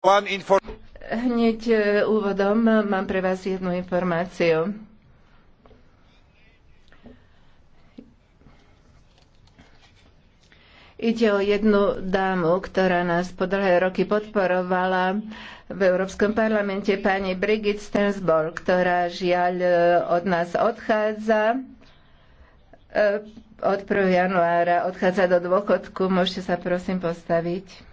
Hneď e, úvodom mám pre vás jednu informáciu. Ide o jednu dámu, ktorá nás po dlhé roky podporovala v Európskom parlamente, pani Brigitte Stensborg, ktorá žiaľ e, od nás odchádza e, od 1. januára, odchádza do dôchodku. Môžete sa prosím postaviť.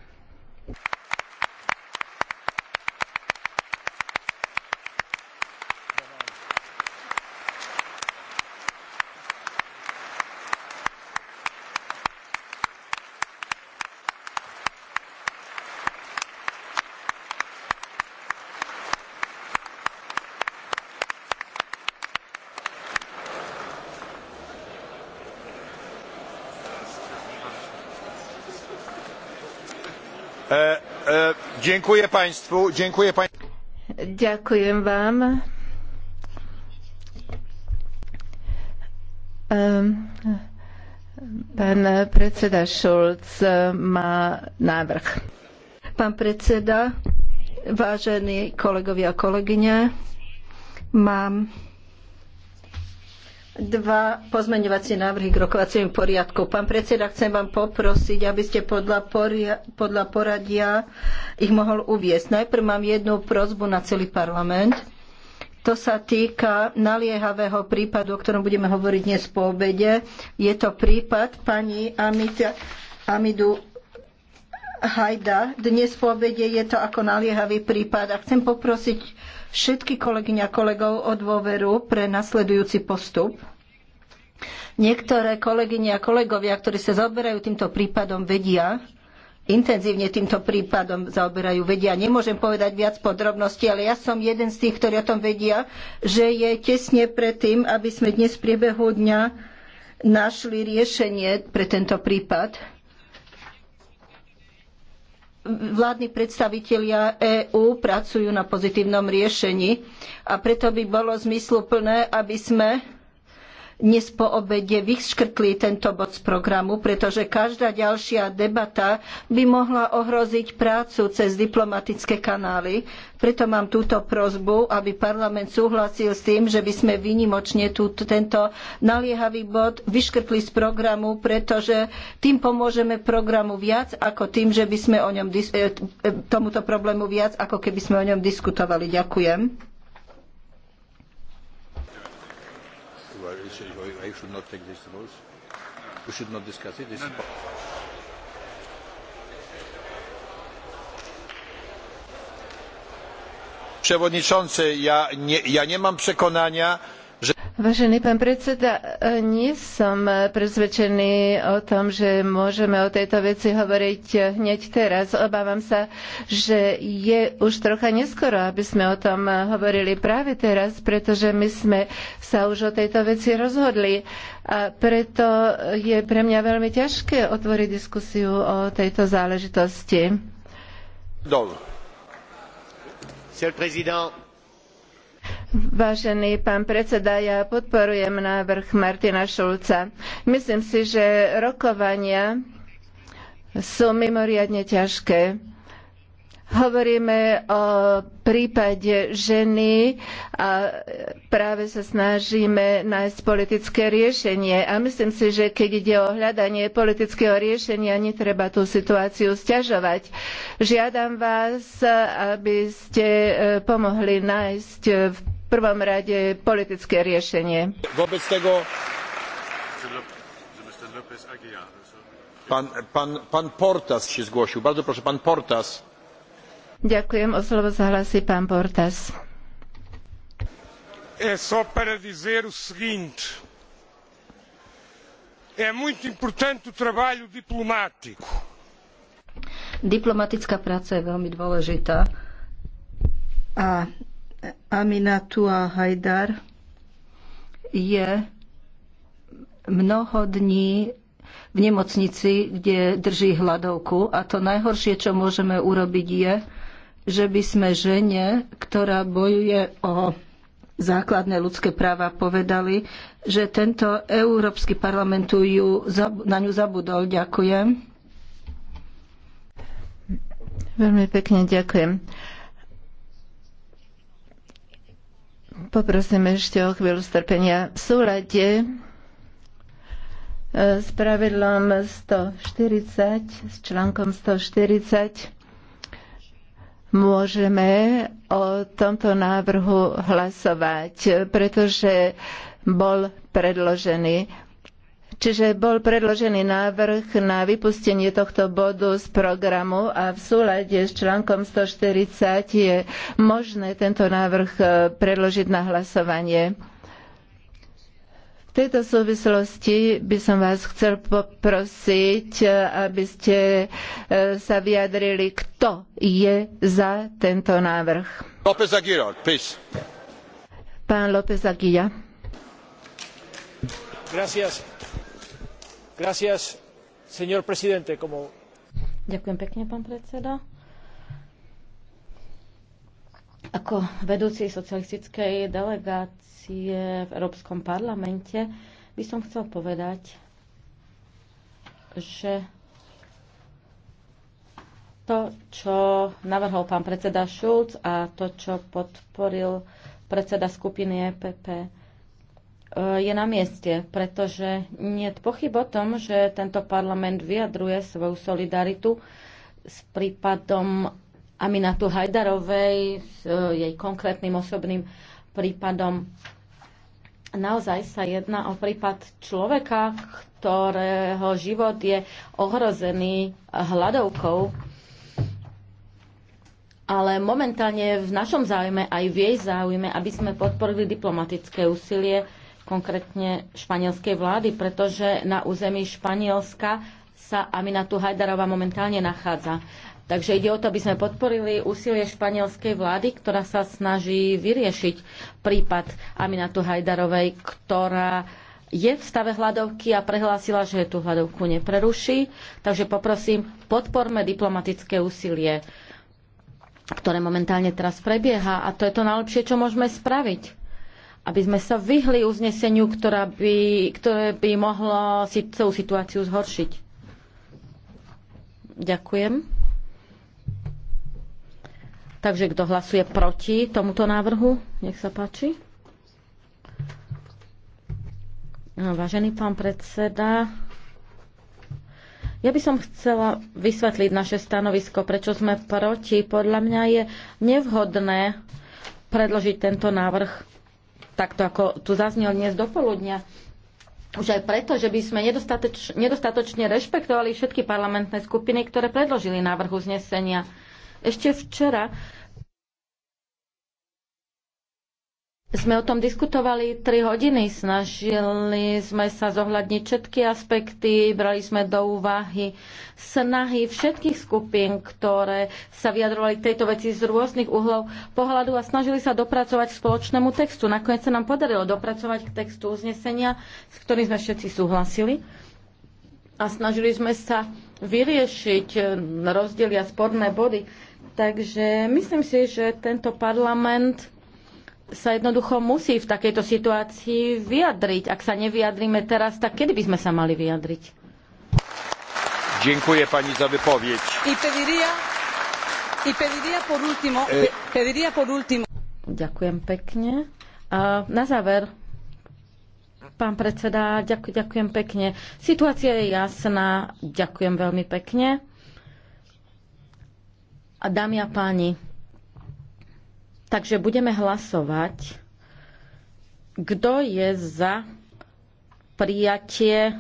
E, e państwu, dziękuję pa... Ďakujem vám. pán predseda Šulc má návrh. Pán predseda, vážení kolegovia a kolegyne, mám dva pozmeňovacie návrhy k rokovaciemu poriadku. Pán predseda, chcem vám poprosiť, aby ste podľa, poria, podľa poradia ich mohol uviesť. Najprv mám jednu prozbu na celý parlament. To sa týka naliehavého prípadu, o ktorom budeme hovoriť dnes po obede. Je to prípad pani Amita, Amidu Hajda dnes obede je to ako naliehavý prípad a chcem poprosiť všetky kolegyň a kolegov o dôveru pre nasledujúci postup. Niektoré kolegyne a kolegovia, ktorí sa zaoberajú týmto prípadom, vedia, intenzívne týmto prípadom zaoberajú, vedia. Nemôžem povedať viac podrobností, ale ja som jeden z tých, ktorí o tom vedia, že je tesne pred tým, aby sme dnes v priebehu dňa našli riešenie pre tento prípad vládni predstavitelia EÚ pracujú na pozitívnom riešení a preto by bolo zmysluplné, aby sme dnes po obede vyškrtli tento bod z programu, pretože každá ďalšia debata by mohla ohroziť prácu cez diplomatické kanály. Preto mám túto prosbu, aby parlament súhlasil s tým, že by sme výnimočne túto, tento naliehavý bod vyškrtli z programu, pretože tým pomôžeme programu viac ako tým, že by sme o ňom e, e, tomuto problému viac ako keby sme o ňom diskutovali. Ďakujem. should not take these votes. We should not discuss it. This no, no. Przewodniczący, ja nie, ja nie mam przekonania, Vážený pán predseda, nie som presvedčený o tom, že môžeme o tejto veci hovoriť hneď teraz. Obávam sa, že je už trocha neskoro, aby sme o tom hovorili práve teraz, pretože my sme sa už o tejto veci rozhodli a preto je pre mňa veľmi ťažké otvoriť diskusiu o tejto záležitosti. Monsieur le Président, Vážený pán predseda, ja podporujem návrh Martina Šulca. Myslím si, že rokovania sú mimoriadne ťažké. Hovoríme o prípade ženy a práve sa snažíme nájsť politické riešenie. A myslím si, že keď ide o hľadanie politického riešenia, netreba tú situáciu sťažovať. Žiadam vás, aby ste eh, pomohli nájsť v prvom rade politické riešenie. Vôbec tego... Pan, pan, pan Portas się zgłosił. Bardzo proszę, pan Portas. Ďakujem, o slovo zahlasí pán Portas. É só para dizer o seguinte. É muito importante o trabalho diplomático. Diplomatická práca je veľmi dôležitá. A Aminatua Hajdar je mnoho dní v nemocnici, kde drží hladovku a to najhoršie, čo môžeme urobiť je, že by sme žene, ktorá bojuje o základné ľudské práva povedali, že tento Európsky parlament ju, na ňu zabudol. Ďakujem. Veľmi pekne ďakujem. Poprosím ešte o chvíľu strpenia. V súlade e, s pravidlom 140, s článkom 140, môžeme o tomto návrhu hlasovať, pretože bol predložený. Čiže bol predložený návrh na vypustenie tohto bodu z programu a v súlade s článkom 140 je možné tento návrh e, predložiť na hlasovanie. V tejto súvislosti by som vás chcel poprosiť, e, aby ste e, sa vyjadrili, kto je za tento návrh. López Aguilar, please. Pán López Aguilar. Gracias. Ďakujem pekne, predseda. Ako vedúci socialistickej delegácie v Európskom parlamente by som chcel povedať, že to, čo navrhol pán predseda Šulc a to, čo podporil predseda skupiny EPP, E, je na mieste, pretože nie je pochyb o tom, že tento parlament vyjadruje svoju solidaritu s prípadom Aminatu Hajdarovej, s e, jej konkrétnym osobným prípadom. Naozaj sa jedná o prípad človeka, ktorého život je ohrozený hladovkou, ale momentálne v našom záujme aj v jej záujme, aby sme podporili diplomatické úsilie konkrétne španielskej vlády, pretože na území Španielska sa Aminatu Hajdarová momentálne nachádza. Takže ide o to, aby sme podporili úsilie španielskej vlády, ktorá sa snaží vyriešiť prípad Aminatu Hajdarovej, ktorá je v stave hľadovky a prehlásila, že tú hľadovku nepreruší. Takže poprosím, podporme diplomatické úsilie, ktoré momentálne teraz prebieha. A to je to najlepšie, čo môžeme spraviť aby sme sa vyhli uzneseniu, ktorá by, ktoré by mohlo si celú situáciu zhoršiť. Ďakujem. Takže kto hlasuje proti tomuto návrhu, nech sa páči. No, vážený pán predseda, ja by som chcela vysvetliť naše stanovisko, prečo sme proti. Podľa mňa je nevhodné predložiť tento návrh takto ako tu zaznel dnes do poludnia, už aj preto, že by sme nedostatoč, nedostatočne rešpektovali všetky parlamentné skupiny, ktoré predložili návrh uznesenia. Ešte včera sme o tom diskutovali 3 hodiny, snažili sme sa zohľadniť všetky aspekty, brali sme do úvahy snahy všetkých skupín, ktoré sa vyjadrovali k tejto veci z rôznych uhlov pohľadu a snažili sa dopracovať k spoločnému textu. Nakoniec sa nám podarilo dopracovať k textu uznesenia, s ktorým sme všetci súhlasili a snažili sme sa vyriešiť eh, rozdiely a sporné body. Takže myslím si, že tento parlament sa jednoducho musí v takejto situácii vyjadriť. Ak sa nevyjadríme teraz, tak kedy by sme sa mali vyjadriť? Ďakujem pani za vypovieť. I i por e... por Ďakujem pekne. A na záver, pán predseda, ďakujem pekne. Situácia je jasná. Ďakujem veľmi pekne. A dámy a páni, Takže budeme hlasovať, kto je za prijatie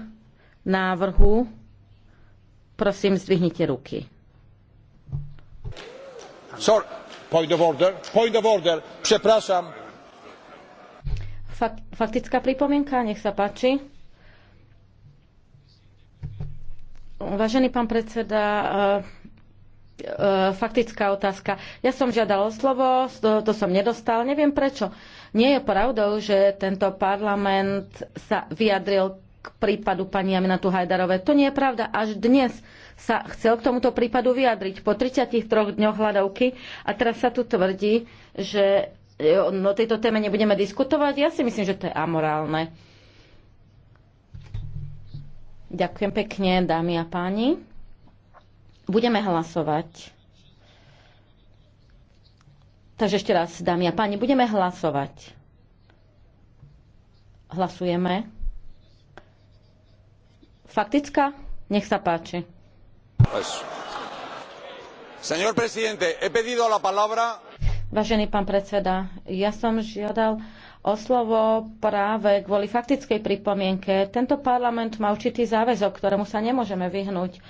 návrhu. Prosím, zdvihnite ruky. Sorry. Point of order. Point of order. Prepraszam. Faktická pripomienka, nech sa páči. Vážený pán predseda, E, faktická otázka. Ja som žiadal o slovo, to, to som nedostal, neviem prečo. Nie je pravdou, že tento parlament sa vyjadril k prípadu pani Aminatu Hajdarové. To nie je pravda. Až dnes sa chcel k tomuto prípadu vyjadriť po 33 dňoch hľadovky a teraz sa tu tvrdí, že o e, no, tejto téme nebudeme diskutovať. Ja si myslím, že to je amorálne. Ďakujem pekne, dámy a páni. Budeme hlasovať. Takže ešte raz, dámy a páni, budeme hlasovať. Hlasujeme. Faktická? Nech sa páči. Señor presidente, he pedido la palabra. Vážený pán predseda, ja som žiadal o slovo práve kvôli faktickej pripomienke. Tento parlament má určitý záväzok, ktorému sa nemôžeme vyhnúť.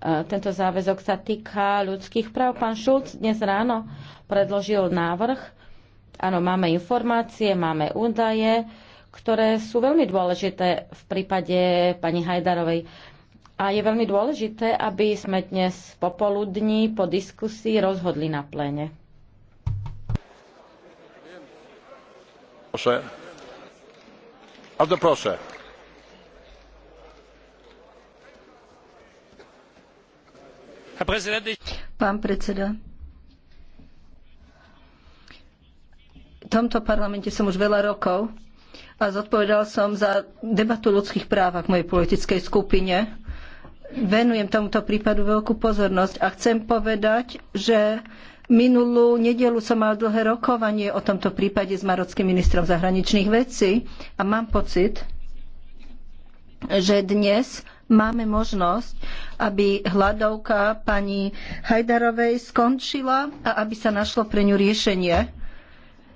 E, tento záväzok sa týka ľudských práv. Pán Šulc dnes ráno predložil návrh. Áno, máme informácie, máme údaje, ktoré sú veľmi dôležité v prípade pani Hajdarovej. A je veľmi dôležité, aby sme dnes popoludní po diskusii rozhodli na pléne. Proszę. Bardzo proszę. Pán predseda, v tomto parlamente som už veľa rokov a zodpovedal som za debatu o ľudských právach v mojej politickej skupine. Venujem tomuto prípadu veľkú pozornosť a chcem povedať, že minulú nedelu som mal dlhé rokovanie o tomto prípade s marockým ministrom zahraničných vecí a mám pocit, že dnes máme možnosť, aby hľadovka pani Hajdarovej skončila a aby sa našlo pre ňu riešenie.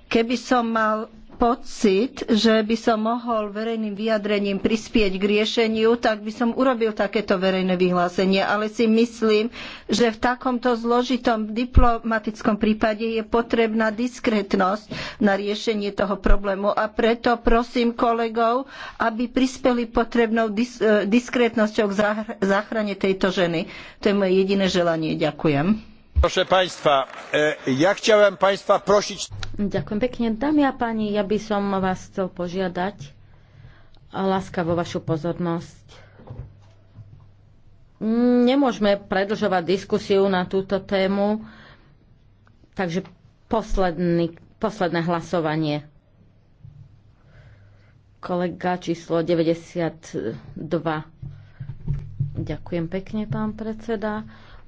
Keby som mal pocit, že by som mohol verejným vyjadrením prispieť k riešeniu, tak by som urobil takéto verejné vyhlásenie. Ale si myslím, že v takomto zložitom diplomatickom prípade je potrebná diskrétnosť na riešenie toho problému. A preto prosím kolegov, aby prispeli potrebnou dis- eh, diskrétnosťou k záchrane tejto ženy. To je moje jediné želanie. Ďakujem. Proszę Państwa, e, ja chciałem Państwa prosić... Ďakujem pekne. Dámy a páni, ja by som vás chcel požiadať a láskavo vašu pozornosť. Nemôžeme predlžovať diskusiu na túto tému, takže posledný, posledné hlasovanie. Kolega číslo 92. Ďakujem pekne, pán predseda.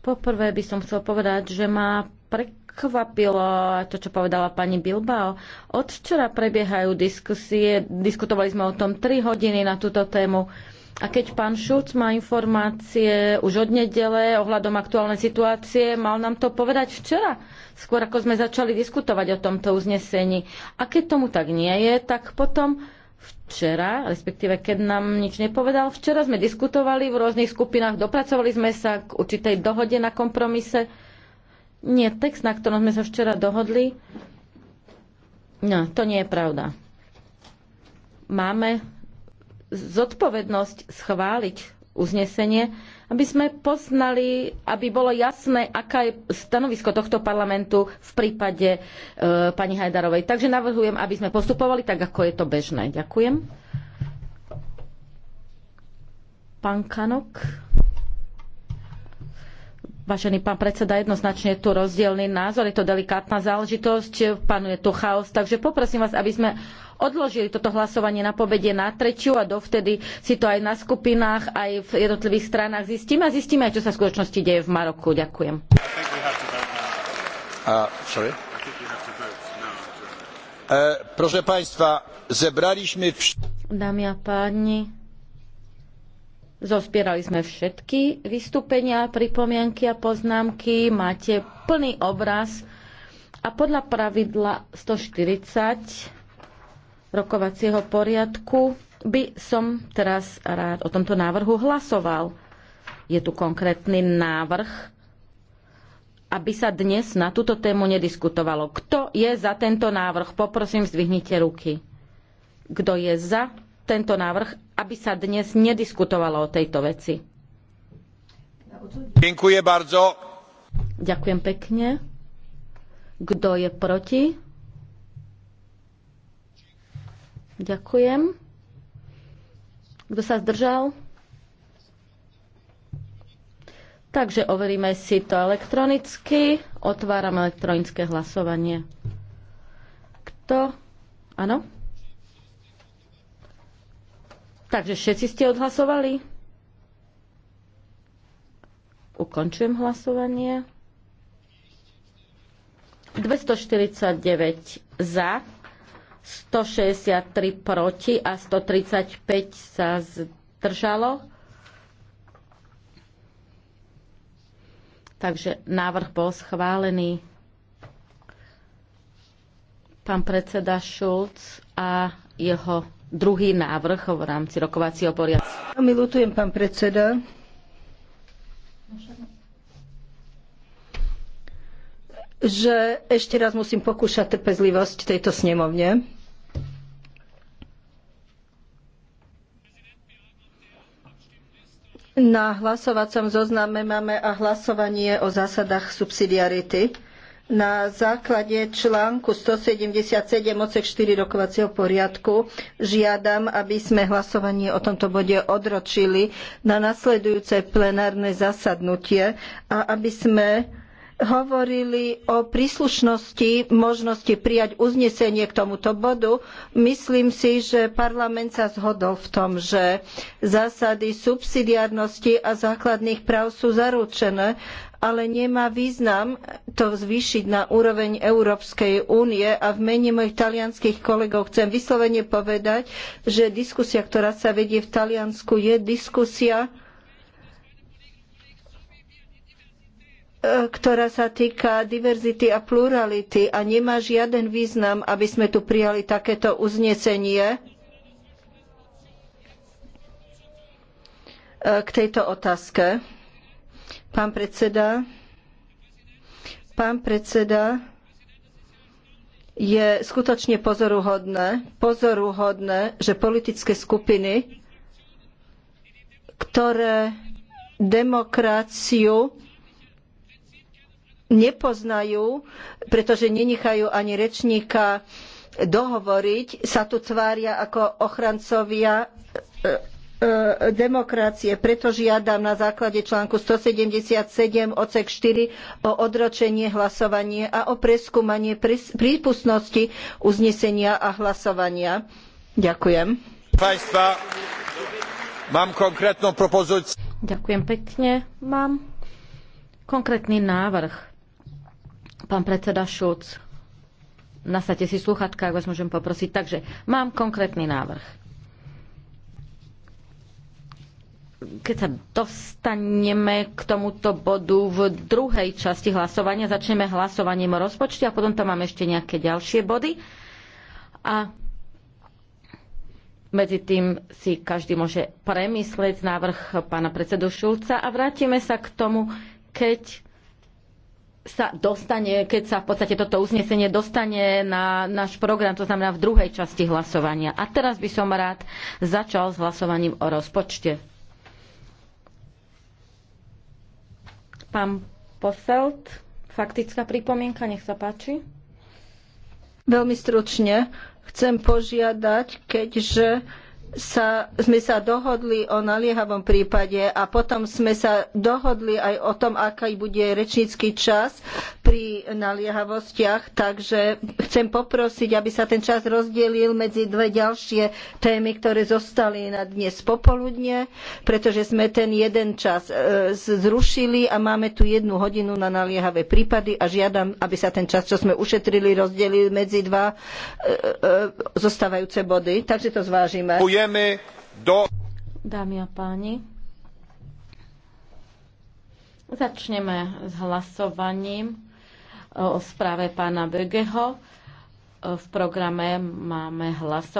Poprvé by som chcel povedať, že ma prekvapilo to, čo povedala pani Bilbao. Od včera prebiehajú diskusie, diskutovali sme o tom 3 hodiny na túto tému. A keď pán Šulc má informácie už od nedele ohľadom aktuálnej situácie, mal nám to povedať včera, skôr ako sme začali diskutovať o tomto uznesení. A keď tomu tak nie je, tak potom včera, respektíve keď nám nič nepovedal. Včera sme diskutovali v rôznych skupinách, dopracovali sme sa k určitej dohode na kompromise. Nie, text, na ktorom sme sa včera dohodli, no, to nie je pravda. Máme zodpovednosť schváliť uznesenie, aby sme poznali, aby bolo jasné, aká je stanovisko tohto parlamentu v prípade e, pani Hajdarovej. Takže navrhujem, aby sme postupovali tak, ako je to bežné. Ďakujem. Pán Kanok. Vážený pán predseda, jednoznačne je tu rozdielný názor, je to delikátna záležitosť, panuje tu chaos, takže poprosím vás, aby sme odložili toto hlasovanie na pobede na treťu a dovtedy si to aj na skupinách, aj v jednotlivých stranách zistíme a zistíme aj, čo sa v skutočnosti deje v Maroku. Ďakujem. E, proszę Państwa, zebraliśmy... Dámy a páni, Zospierali sme všetky vystúpenia, pripomienky a poznámky. Máte plný obraz. A podľa pravidla 140 rokovacieho poriadku by som teraz rád o tomto návrhu hlasoval. Je tu konkrétny návrh, aby sa dnes na túto tému nediskutovalo. Kto je za tento návrh? Poprosím, zdvihnite ruky. Kto je za tento návrh, aby sa dnes nediskutovalo o tejto veci? Ďakujem bardzo. Ďakujem pekne. Kto je proti? Ďakujem. Kto sa zdržal? Takže overíme si to elektronicky. Otváram elektronické hlasovanie. Kto? Áno? Takže všetci ste odhlasovali? Ukončujem hlasovanie. 249 za, 163 proti a 135 sa zdržalo. Takže návrh bol schválený. Pán predseda Šulc a jeho druhý návrh v rámci rokovacieho poriadku. Veľmi pán predseda. že ešte raz musím pokúšať trpezlivosť tejto snemovne. Na hlasovacom zozname máme a hlasovanie o zásadách subsidiarity. Na základe článku 177 odsek 4 rokovacieho poriadku žiadam, aby sme hlasovanie o tomto bode odročili na nasledujúce plenárne zasadnutie a aby sme hovorili o príslušnosti možnosti prijať uznesenie k tomuto bodu. Myslím si, že parlament sa zhodol v tom, že zásady subsidiárnosti a základných práv sú zaručené, ale nemá význam to zvýšiť na úroveň Európskej únie a v mene mojich talianskych kolegov chcem vyslovene povedať, že diskusia, ktorá sa vedie v Taliansku, je diskusia, ktorá sa týka diverzity a plurality a nemá žiaden význam, aby sme tu prijali takéto uznesenie e, k tejto otázke. Pán predseda, pán predseda, je skutočne pozoruhodné, pozoruhodné, že politické skupiny, ktoré demokraciu nepoznajú, pretože nenechajú ani rečníka dohovoriť, sa tu tvária ako ochrancovia e, e, demokracie. Preto žiadam na základe článku 177 odsek 4 o odročenie hlasovania a o preskúmanie prípustnosti uznesenia a hlasovania. Ďakujem. Ďakujem pekne. Mám konkrétny návrh. Pán predseda Šulc, nasadte si sluchatka, ak vás môžem poprosiť. Takže mám konkrétny návrh. Keď sa dostaneme k tomuto bodu v druhej časti hlasovania, začneme hlasovaním o rozpočte a potom tam máme ešte nejaké ďalšie body. A medzi tým si každý môže premyslieť návrh pána predsedu Šulca a vrátime sa k tomu, keď sa dostane, keď sa v podstate toto uznesenie dostane na náš program, to znamená v druhej časti hlasovania. A teraz by som rád začal s hlasovaním o rozpočte. Pán Poselt, faktická pripomienka, nech sa páči. Veľmi stručne chcem požiadať, keďže sa, sme sa dohodli o naliehavom prípade a potom sme sa dohodli aj o tom, aký bude rečnícky čas pri naliehavostiach, takže chcem poprosiť, aby sa ten čas rozdelil medzi dve ďalšie témy, ktoré zostali na dnes popoludne, pretože sme ten jeden čas e, zrušili a máme tu jednu hodinu na naliehavé prípady a žiadam, aby sa ten čas, čo sme ušetrili, rozdelil medzi dva e, e, zostávajúce body. Takže to zvážime przystępujemy do... Dámy a páni, začneme s hlasovaním o správe pána Bögeho. V programe máme hlasovanie.